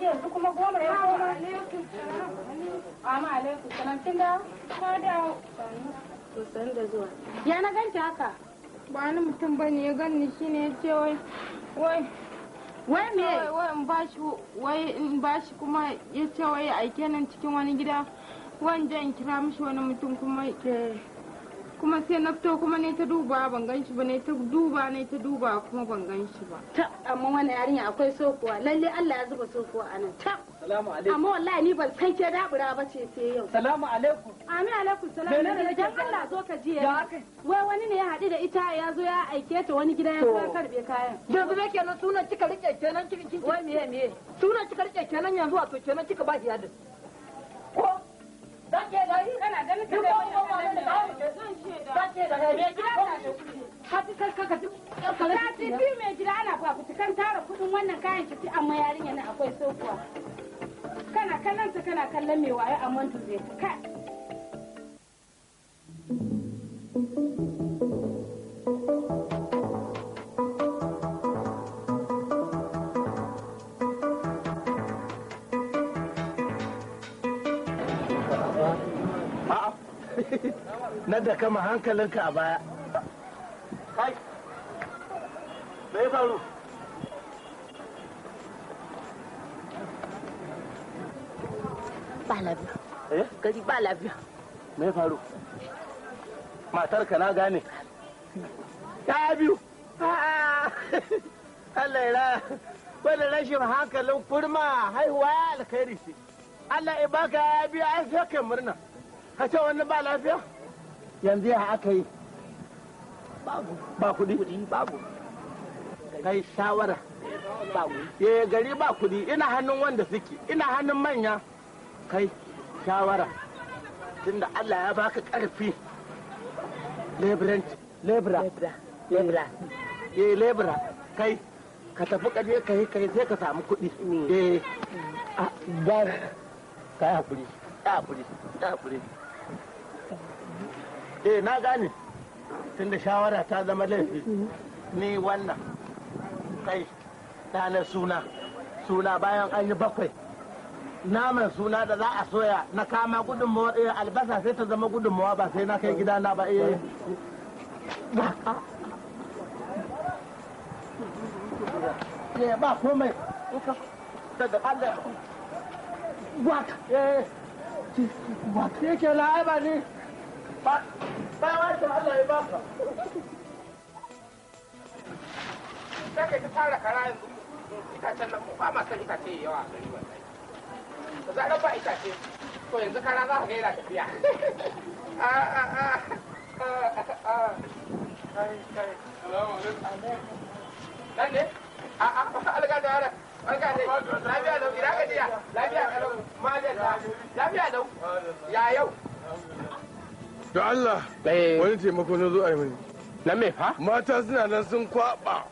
je yanzu kuma goma ya Amma alaikum salam kin da ka To san da zuwa. Ya na ganki haka? Ba ni mutum bane ya ganni shine ya ce wai wai wai me wai in bashi wai in bashi kuma ya ce wai aike nan cikin wani gida wani jan kira mishi wani mutum kuma ke kuma sai na fito kuma ne ta duba ban gan shi ba ne ta duba ne ta duba kuma ban gan shi ba ta amma wani yarinya akwai sokowa lalle Allah ya zuba sokowa a nan ta salamu alaikum amma wallahi ni ban san ke dabura ba ce sai yau salamu alaikum amin alaikum salamu alaikum dan Allah zo ka ji ya wai wani ne ya haɗu da ita ya zo ya aike ta wani gida ya fara karbe kayan yanzu me kenan sunan kika rike kenan kika kin wai meye meye sunan kika rike kenan yanzu wato kenan kika ba shi yadin ko dan ke gari kana ganin ka da Sati biyu mai gida ana fafutukan tara kudin wannan kayan kici amma yarinya na akwai sokuwa. Kana kallon kana kallon mai wayo a mantu zai sama hankalinka a baya kai me ya faru ba lafiya eh gari ba lafiya me ya faru matarka na gane ta biyu ah! Allah ya wani rashin hankalin kurma haihuwa ya alkhairi shi. Allah ya baka ya biya ai sai murna ka ce wani ba lafiya yanzu ya aka yi ba kudi babu kai shawara ya gari ba kudi ina hannun wanda suke ina hannun manya kai shawara tunda allah ya baka karfi leburanci lebura lebura ya lebura kai ka tafi kaje kai kai sai ka samu kudi mm. eh ba mm. ah, kai hakuri hakuri hakuri eh na gane tunda shawara ta zama laifi ni wannan kai na suna suna bayan an yi bakwai naman suna da za a soya na kama gudunmawa eh albasa sai ta zama gudunmawa ba sai na kai gida na ba eh, eh ba komai daga wata eh wata yake ne ba ba ya da Allah eh. wani taimako na zo a mini na me fa mata suna nan sun kwaba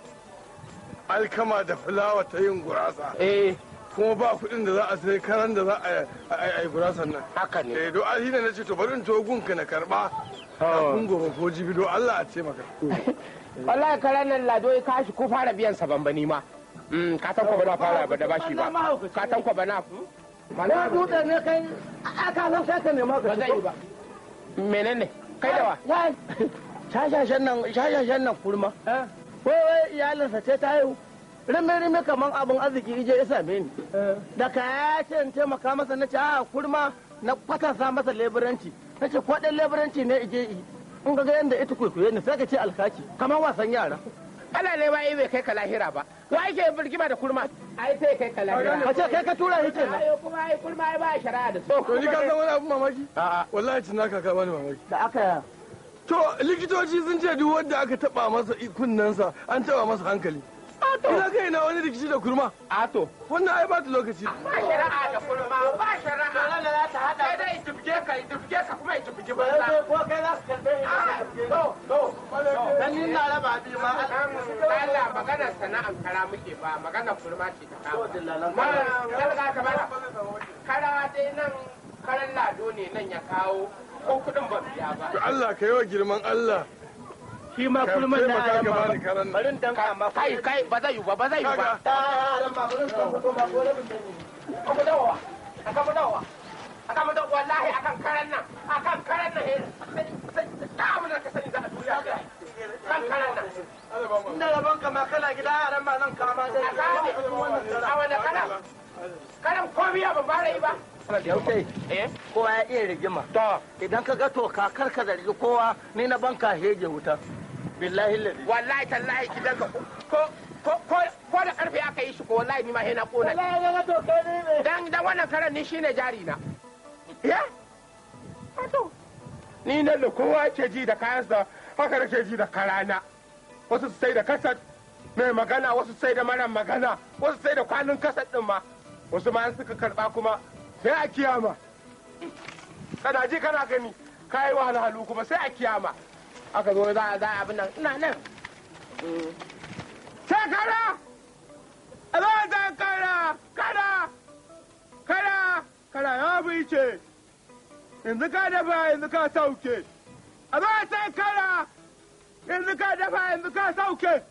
alkama da fulawa ta yin gurasa eh kuma ba kuɗin da za a sai karan da za a yi gurasan nan haka ne eh do alhi na ce to bari in to na karba a kun gobe ko jibi do Allah a ce maka ya karan nan lado ya kashi ko fara biyan sa bani ma mm, ka san ba na fara ba da bashi ba ka san ba na na dutse ne kai aka san sai ka nema ka ba zai ba menene kai da wa shashashen nan shashashen nan kurma wai wai iyalinsa ce ta haihu rime-rime kamar abin arziki ije ya same ni da ka ya ce in taimaka masa na ce a kurma na kwatanta masa leburanci na ce kwaɗin leburanci ne ije in ga yadda ita kwaikwaye ne sai ka ce alkaki kamar wasan yara ana ne yi bai kai ka lahira ba wa yake birgima da kurma ai sai kai kalamiya a ce kai ka tura yake na ai kuma ai kurma ai ba shari'a da so to ni ka san wani abu mamaki a wallahi tun naka ka bani mamaki da aka to likitoci sun ce duk wanda aka taba masa kunnensa an taba masa hankali Ato. Ina kai ina wani rikici da kurma. Ato. Wannan ai ba ta lokaci. Ba shari'a da kurma, ba shari'a. Dole ne za ta hada. Kai dai itubge ka, itubge ka kuma itubge ba. Sai ko kai za su karbe ah, ni. To, to. Dan ni na raba bi ma. Allah magana sana'an kara muke ba, magana kurma ce ta kama. Ma, kalga ka bana. Kara dai nan karan lado ne nan ya kawo ko kudin ba biya ba. Allah ka yi wa girman Allah. shi ma kulman na yaran ma barin dan ma kai kai ba zai yi ba ba zai yi ba ta yaran ma barin dan ko ma ko rabin dan ne ko dawa aka mu dawa aka mu dawa wallahi akan karan nan akan karan nan sai ta mu na kasani da duniya kan karan nan eh. inda rabon kama ma kana gida yaran ma nan kama da a wanda kana karan ko biya ba fara yi ba eh? kowa ya iya rigima idan ka ga toka karka zargi kowa ni na banka hege wuta billahi ladi wallahi tallahi kidan ka ko ko ko da karfe aka yi shi ko wallahi ni ma he na kona wallahi ga to kai ne dan dan wannan karan ni shine jari na ya to ni nan da kowa ke ji da kayansa haka nake ji da karana wasu sai da kasat mai magana wasu sai da mara magana wasu sai da kwanin kasat din ma wasu ma suka karba kuma sai a kiyama kana ji kana gani wa halu kuma sai a kiyama aka zo za a za a abin nan ina nan shekara a zo za kara kara kara kara ya bice yanzu ka dafa yanzu ka sauke a zo sai kara yanzu ka dafa yanzu ka sauke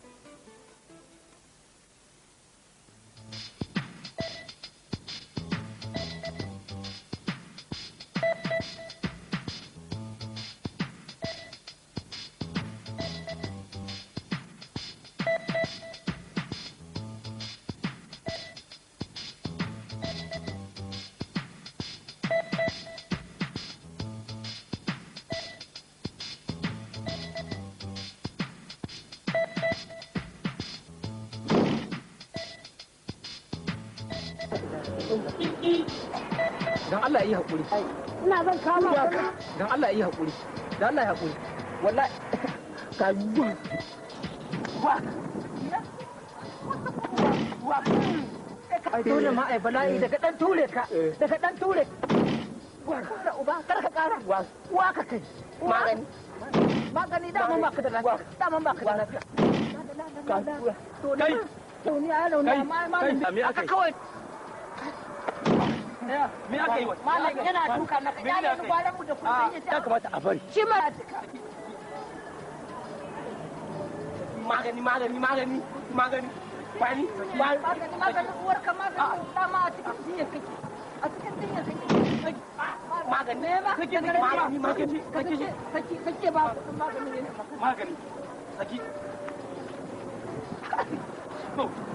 hakuri ina zan kama ka Allah yi hakuri Allah yi hakuri wallahi ka yi ai dole ma ai bala'i daga dan ture ka eh. daga dan ture uba kar ka kara wa ka kai magani magani da lafiya da lafiya kai kai kai kai me aka yi wa malam yana duka na kada ni da kun sanya ah, ta kamata a bari shi ma magani magani magani magani bani magani magani uwar ka magani ah. ta ma a cikin jiya kake a cikin jiya kake magani ne ba kake magani magani kake kake kake ba magani ne magani saki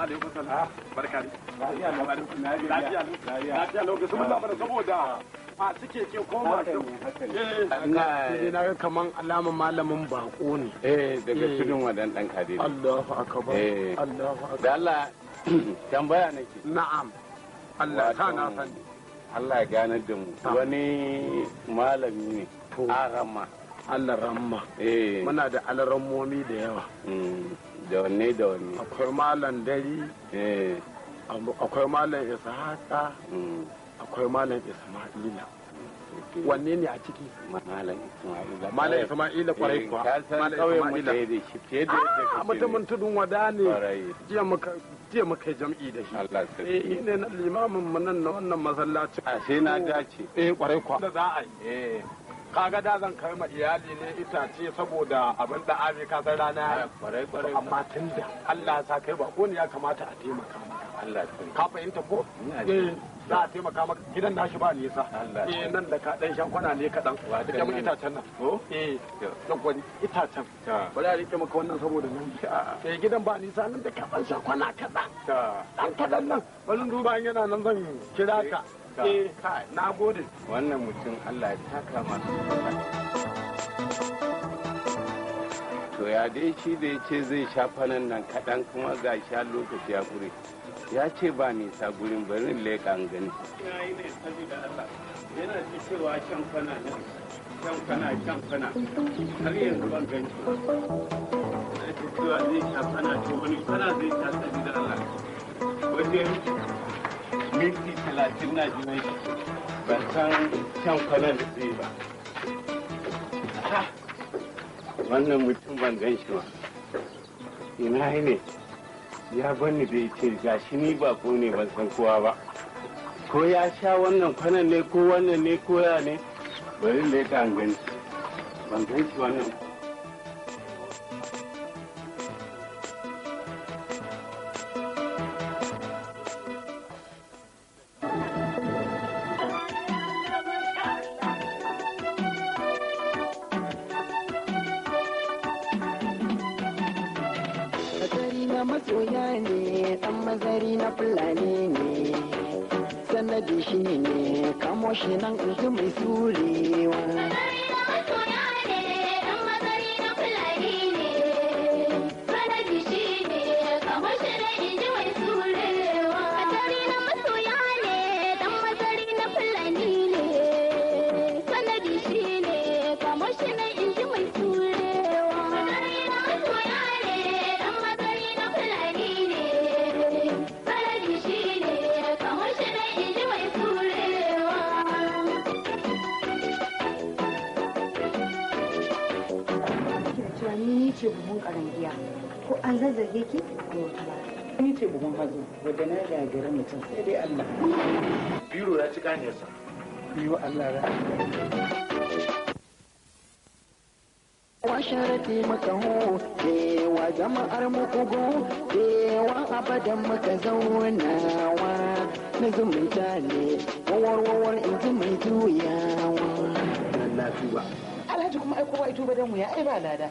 Assalamu alaikum salam. Barka ne. Lafiya lafiya lafiya lafiya mun labar saboda a cike ke koma ne. Na ga eh, kaman alaman malamin bako ne. Eh daga eh. tudun wadan dan kadiri. Allahu akbar. Eh. Allahu akbar. Da Allah tambaya nake. Na'am. Allah ta na sani. Allah ya ganar da mu. Wani malami ne. Arama. Allah Eh. Muna da alarammomi da yawa. Mm. da wanne da wanne akwai malam dari eh. akwai malam haka mm. akwai malam isma'ila wanne ne a ciki malam isma'ila malam isma'ila kwarai eh, kuwa malam isma'ila ah, mutumin tudun wada ne jiya maka jiya muka jam'i da shi Allah sarki eh ne limamin mu nan na wannan masallaci a ah, sai na oh. dace eh kwarai kuwa da za a yi eh. kaga da zan kai ma iyali ne itace saboda abin da abi ka san rana ya amma tunda Allah ya sa kai ba ko ne ya kamata a taimaka maka Allah ka fahimta ko eh za a taimaka maka gidan nashi ba nisa eh nan da ka dan shankwana ne kadan ka jama itacen nan eh dan gwani itacen bari a rike maka wannan saboda nan eh gidan ba nisa nan da ka dan shankwana kadan dan kadan nan bari duba yana nan zan kira ka eh. na gode wannan mutum allah ya taka masu to ya dai shi da ya ce zai sha fanan nan kaɗan kuma ga sha lokaci ya kure ya ce ba nisa gurin barin leka an gani yana ta cewa can fana can shan fana shan fana har yanzu ban gani na ta cewa zai sha fana to wani fana zai sha saboda allah wajen minti talatin na ji mai ban san can kwanan da zai ba wannan mutum ban gan shi ba ina ne ya bani da ce shi ni ba ko ne ban san kowa ba ko ya sha wannan kwanan ne ko wannan ne ko ya ne bari da ya an gani ban gan shi wannan zage ki da wata ba ni ce buhun hazo wadda na gagara mutum sai dai Allah biro ya ci kaniyarsa biyo Allah ra washarati makaho kewa jama'ar mukugo kewa abadan muka zaunawa na zumunta ne wawar-wawar in ji mai juyawa alhaji kuma aiko kowa ito ba dan wuya ai ba lada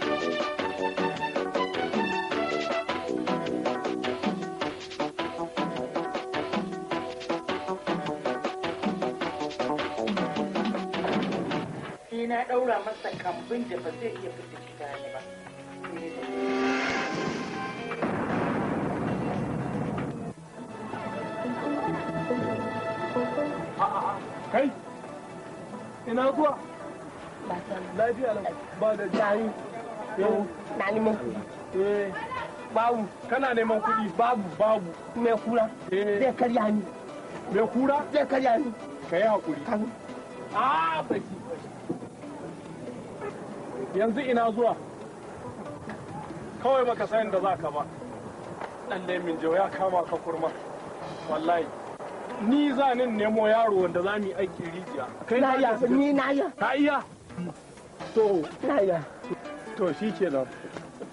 na ɗaura masa kambin da ba zai iya fita shiga ni ba kai ina kuwa lafiya ba da jari yau na neman kuɗi eh, babu kana neman kuɗi babu babu mai kura eh. zai karya ni mai kura zai karya ni ka yi haƙuri a saki ah, yanzu ina zuwa kawai baka sayin da za ka ba Dan min jau ya kama ka kurma wallahi ni za ni nemo yaro wanda za mu yi aiki rijiya kai na iya ni na iya ka iya to na iya to shi ke nan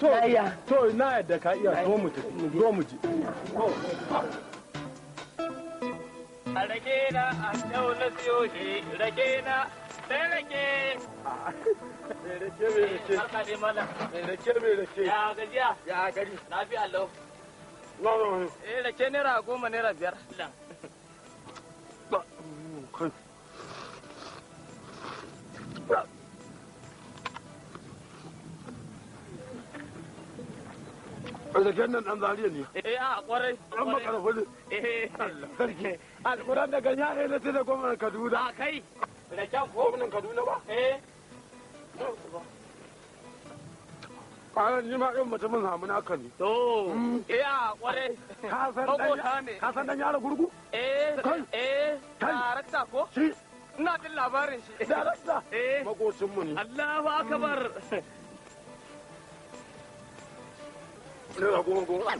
to na iya to na yadda ka iya zo mu tafi zo mu ji a rage na a yau na siyo shi rage na Sai rake. Mai Barka dai malam. Mai Ya Ya gari. Lafiya lau. No no no. Eh rake naira goma naira biyar. Kai. Rake nan ɗan zariya ne. Eh a kwarai. Ɗan makarafa ne. Eh. Allah. Alkuran da ganya ne na tana Kaduna. A kai. Raken ko? Gwamnan Kaduna ba? Eh. kwanan ni ma ɗin mutumin hamuna haka ne. To, mm. iya kwarai. Kasan dan yara gurgu? Eh, eh, darakta ko? Si. Ina jin labarin shi. Darakta? Eh. Makosinmu ne. Allahu akabar. Nera goma goma.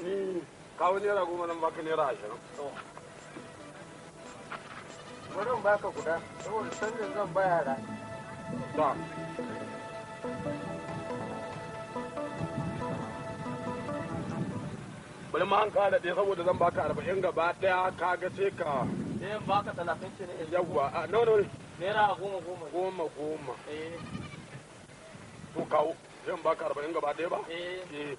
Kawo nera goma nan baka nera ashirin. bari baka guda saboda sannan zan ba yara ba bari ma an kada ɗaya saboda zan baka arba'in gaba ɗaya ka ga sai ka ɗayan eh, baka talatin ce ne yawwa a nawa nawa naira goma goma goma goma eh. to kawo zan baka arba'in gaba ɗaya ba eh, eh.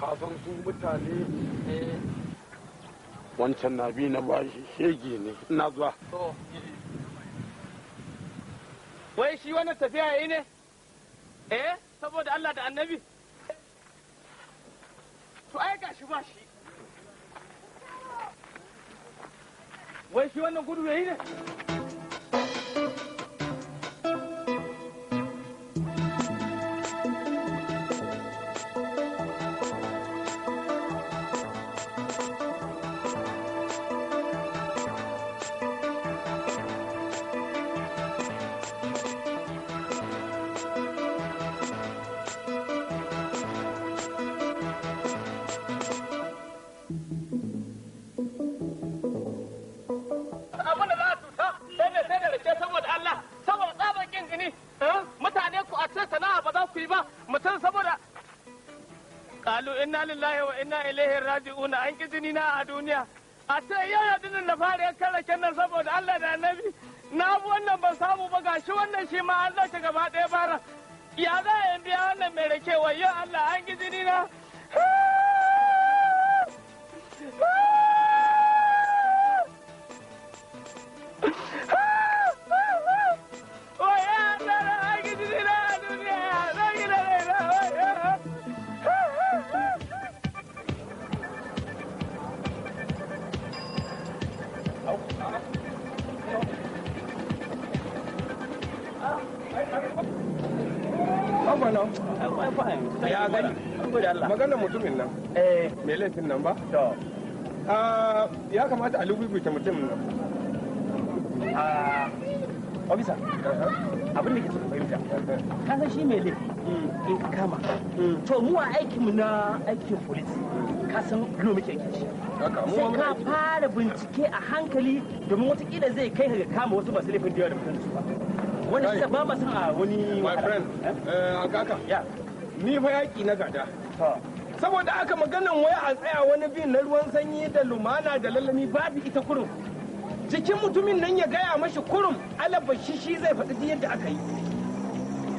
ka san su mutane eh wancan na bi na bashi shege ne na zuwa wai shi wannan tafiya yi ne eh saboda Allah da annabi to ai ga shi ba shi wai shi wannan gudu yayi ne tsuna an ki jini na a duniya a ce yau ya dinin na fara karaken nan saboda Allah da annabi na abu wannan ba samu ba gashi wannan shi ma Allah ta gaba ya bara ya za a yi biya wannan mai rakewa yau Allah magana mutumin nan eh Me laifin nan ba to ah, ya kamata a ta mutumin nan a ah, ofisa uh-huh. abin da ke cikin fahimta uh-huh. ka san shi me laifi mm. in kama mm. to mu a mu na aikin police. Mm. ka san gino muke aikin shi sai ka fara bincike a hankali domin watakila zai kai ka kama wasu masu laifin da yawa da mutum su ba Wani shi ba masu a wani my friend an eh? kaka eh, ni fa yaki na gada saboda aka maganan waya a tsaya wani bin na ruwan sanyi da lumana da lalami babu ita kurum jikin mutumin nan ya gaya mashi kurum alaba shi shi zai faɗi yadda aka yi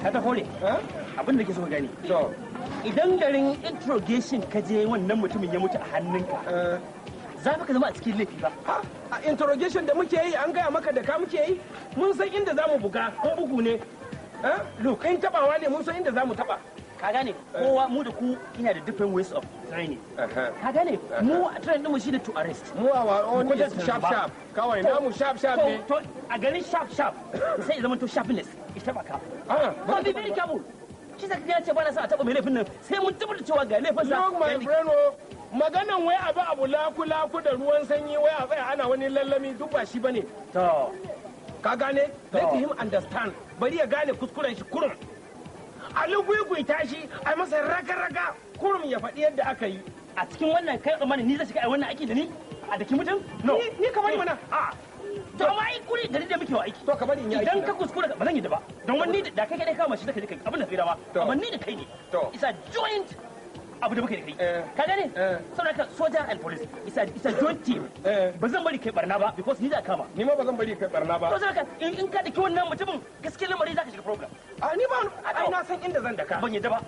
ka ta kore abin da ke so gani idan garin introgation ka je wannan mutumin ya mutu a hannunka eh. za ka zama a cikin laifi ba a interrogation da muke yi an gaya maka da ka muke yi mun san inda za mu buga ko bugu ne lokacin tabawa ne mun san inda za mu taba ka gane kowa mu da ku ina da different ways of training ka gane mu training mu shine to arrest mu wa on is sharp sharp kawai namu sharp sharp ne to a garin sharp sharp sai ya zama to sharpness ita ka ah ba bi very careful shi zaka ga ce ba na sa a taba mai laifin nan sai mun tabbata cewa ga laifin sa look my friend oh, maganan wai abu abu laku laku da ruwan sanyi wai a tsaya ana wani lallami duk ba shi bane to ka gane let him understand bari ya gane kuskuren shi kurun. a lugwigwita shi a masa raga-raga kurum ya faɗi yadda aka yi a cikin wannan kai amana ni za shiga a wannan aiki da ni a daki mutum no ni kamar mana a to amma ai kuri da da muke wa aiki to kamar in yi idan ka kuskura ba zan yi da ba don wani da kai kai kama shi zaka je kai abin da kai da ma amma ni da kai ne To. isa joint abu da muke da kai eh. ka gane eh. saboda ka soja and police isa isa joint team eh. ba zan bari kai barna ba because ni za kama ni ma ba zan bari kai barna ba to ka in ka daki wannan mutumin gaskiya lamari zaka shiga program a ni ba ai na san inda zan daka ban yadda ba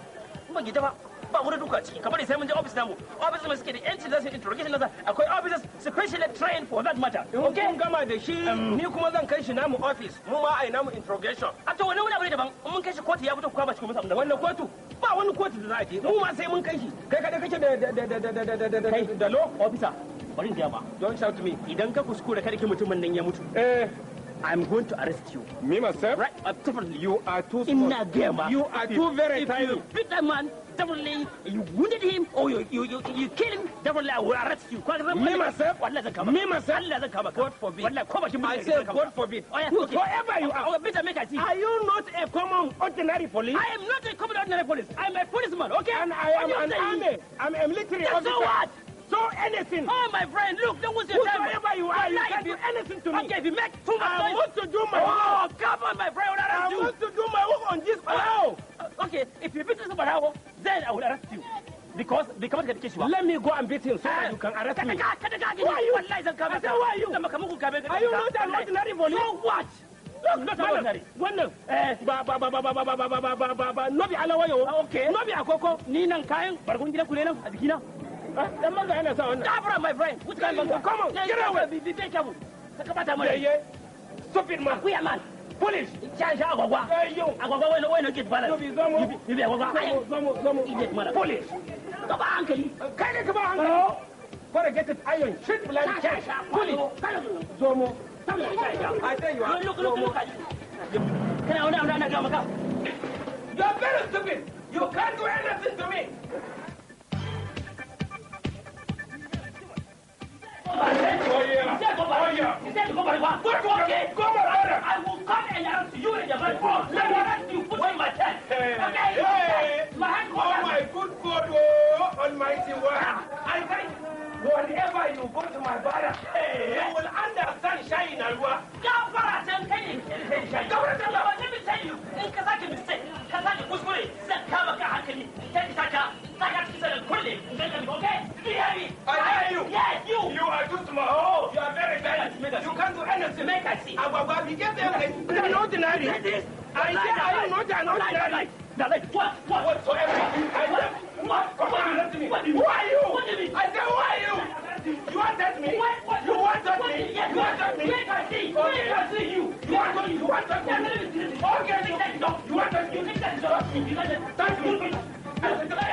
ban yadda ba ba wani duka ciki kamar sai mun je office namu office mai suke da yanci da su interrogation nasa akwai officers specially trained for that matter okay mun gama da shi um. ni kuma zan kai shi namu office mu ma ai namu interrogation a to wani wani abu daban mun kai shi kotu ya fito ku ba shi kuma wannan kotu ba wani kotu da za a je mu ma sai mun kai shi kai kada kake da kai da lo officer bari in ba don't shout to me idan ka kuskure kada ki mutumin nan ya mutu eh I'm going to arrest you. Me myself? Right, I'm You are too smart. Inna gema. You are too very tiny. Beat that man, definitely you wounded him or you you you, you kill him definitely I will arrest you. Me myself, Allah zan kama. Me myself, God forbid. Wallahi ko bakin I say God forbid. Oh, Whoever you are, oh, better make I see. Are you not a common ordinary police? I am not a common ordinary police. I am a policeman. Okay. And I am an army. I'm a military officer. So what? do anything. Oh, my friend, look, don't waste your time. Whoever you are, you can do anything to me. Okay, if you make too much noise. want to do my work. Oh, come on, my friend, what I you I want to do my work on this Barao. Uh, okay, if you beat this then I will arrest you. Because because Let me go and beat him so that you can arrest me. Who are you? I said, who are you? Are you not an ordinary volunteer? So what? wannan ba ba ba ba ba ba ba ba ba ba ba ba nobi alawayo okay nobi akoko ni nan kayan barkun gida ku ne nan a jikina Cabra, my friend. Which kind of Come on, get away. Be, careful. be, be careful. Yeah, yeah. Stop it, man. We are man. Police. Charge agwagwa. Hey, yo. Agwagwa, when, when you get balance. You be zomo. You be agwagwa. Zomo, zomo, zomo. You get mother. Police. Come on, uncle. Uh, kind of come on, uncle. Hello? Gotta get it iron. Shit, blood. Charge. Police. Zomo. I tell you. Look, look, look. Can I, I'm not going to come. You're very stupid. You can't do anything to me. He said to go by one. Go for it. Go for it. I will come and arrest you in the very front. Let me arrest you. Put on my chest. Hey. Okay? Hey. My hand Oh, my good God, oh, almighty One. Ah, I say, whenever you go to my brother, hey. you will understand Shayin Alwa. Gafara can tell you. Gafara can tell you. Let me tell you. In Kazaki mistake. Kazaki kuskure. come on, come on, Take it saka. Saka cikin sanin kulle. Okay? Do you hear me? I hear you. Yes, you. You are just my own. You can't do anything. Make I see. I, I, get you gave them a, an ordinary. I said, I am not an ordinary. Now, like, what? What? What? I said, what? Come on, let me. What? Who are you? What do you mean? I said, who are you? You want that me? What? What? You want that me? Yes, you want that me? Make I see. Okay. Make I see you. You want that me? You want that me? Okay. You want that me? You want that me? You want that me?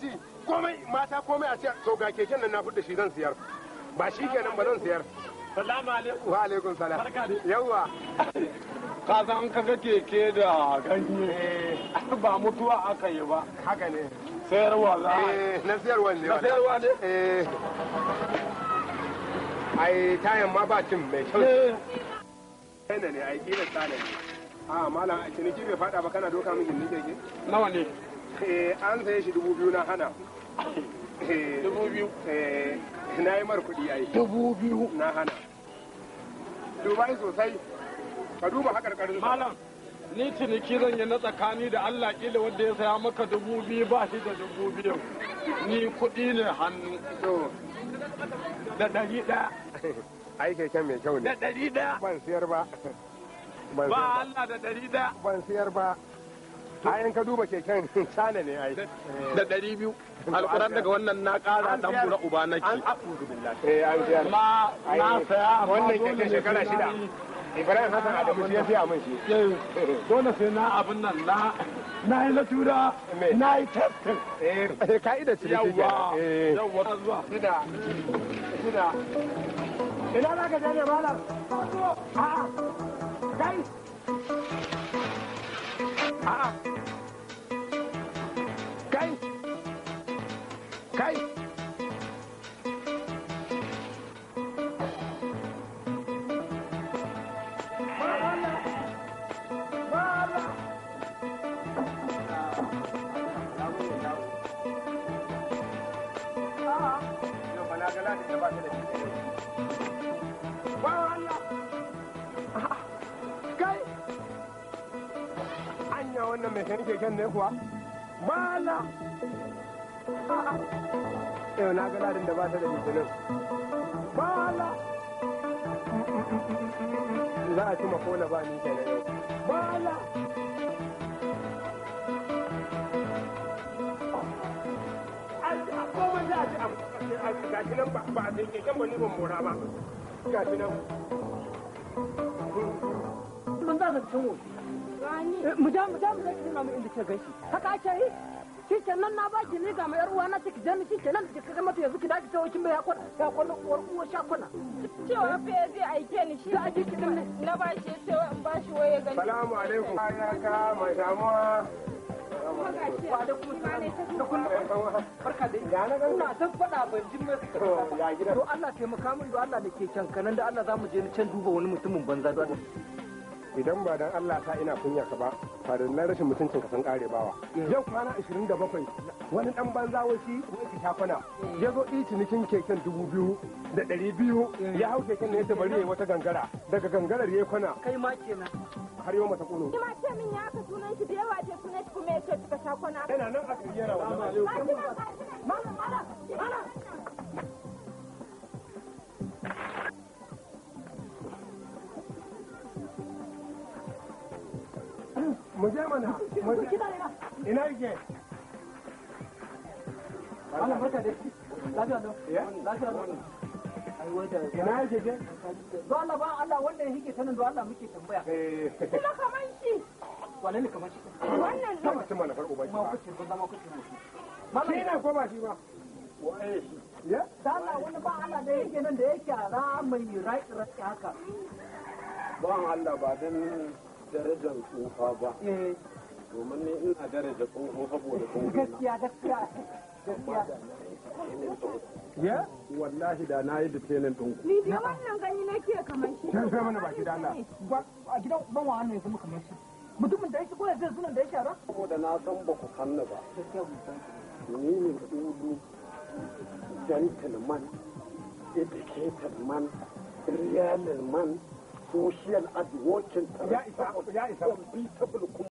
abinci komai mata komai a ce to ga keken nan na fudda shi zan siyar ba shi ke nan ba zan siyar salamu alaikum wa alaikum salam yawa ka san ka ga keke da ganye eh. ba mutuwa aka yi ba haka ne sayarwa za a eh, na sayarwa ne na sayarwa ne eh. ai tayan ma ba cin mai kyau ne ai kila tsane a ah, malam a ciniki bai fada ba kana doka min gindin keke nawa ne Eh, an saye shi dubu biyu na hana eh, dubu biyu eh na yi mara kuɗi ai dubu biyu na hana dubai sosai ka duba haka da malam ni ciniki zan yi na tsakani da Allah kila wanda ya saya maka dubu biyu ba shi da dubu biyu ni kuɗi ne hannu da ɗari ɗaya ai keken mai kyau ne da ɗari ɗaya ban siyar ba ba Allah da ɗari ɗaya ban siyar ba ainihin ka duba keken shana ne ai da ɗari biyu alkuran daga wannan na ƙara dan bura uba nake an afudu billahi eh, ma na saya wannan keken shekara shida ibrahim hassan adamu shi ya fiya min shi eh, dole sai na abin nan na na yi latura na yi tafkin eh da ce yawa yawa zuwa shida shida ina za ka je ne malam a'a kai a'a 开！开！哇啦！哇啦！啊！又把两只两只鸡来。哇呀！啊！开！俺娘问俺们今天今天哪块？bala yau na ga ladin da ba ta da litinin bala za a ci makona ba ni kenan bala gashi nan ba a sai keken ba ni ban mora ba gashi nan mun za ka wofi mu ja mu ja mu ja ki nuna mu inda ke gaishe haka ake yi shike nan na baki ni ga mai yar uwa na ce ki jani shike nan ki kaga mata yanzu ki dace cewa kin bai ya kwana ya kwana uwar uwa sha kwana cewa fa ya zai aike ni shi ake ki din na bashi ya ce in bashi waye gani salamu alaikum ya ka mai damuwa Ina ta faɗa ban jin mai suka. Do Allah taimaka min do Allah da ke can kanan da Allah za mu je can duba wani mutumin banza do Allah. idan ba dan Allah ta ina kunya ka ba farillan rashin mutuncin ka san kare bawa yau kwana 27 wani dan banza wasi wani shafana ya zo yi nikin keken dubu biyu da 200 biyu ya hau keken ne ya bari ya wata gangara daga gangarar ya kwana kai ma kenan har yau mata kuno kima ce min ya aka tunan shi da yawa ce sunan kuma ya ce kika sha kwana yana nan a kiyara wa mama mama mama mu je mana mu je ina yake Allah barka lafiya lafiya ina yake je do Allah ba Allah sanin do Allah muke tambaya eh. kila kaman shi wannan ne kaman shi wannan ne kaman mana farko ba ma kuce ba ma kuce ma shi ne ko ba shi ba ya da Allah ba Allah da yake nan da yake ra rai rai haka ba Allah ba dan darajar tsofa ba eh. domin ne ina daraja tsoho saboda tsoho gaskiya gaskiya gaskiya ya wallahi da na yi da tenin ɗin ku. dai wannan gani nake kamar shi kan sai mana shi da Ba a gidan ban wa hannu ya zama kamar shi mutumin da yake ko yanzu sunan da yake ba saboda na san ba ku sanna ba ni ne kudu gentleman educated man real man social and watching ya isa ya isa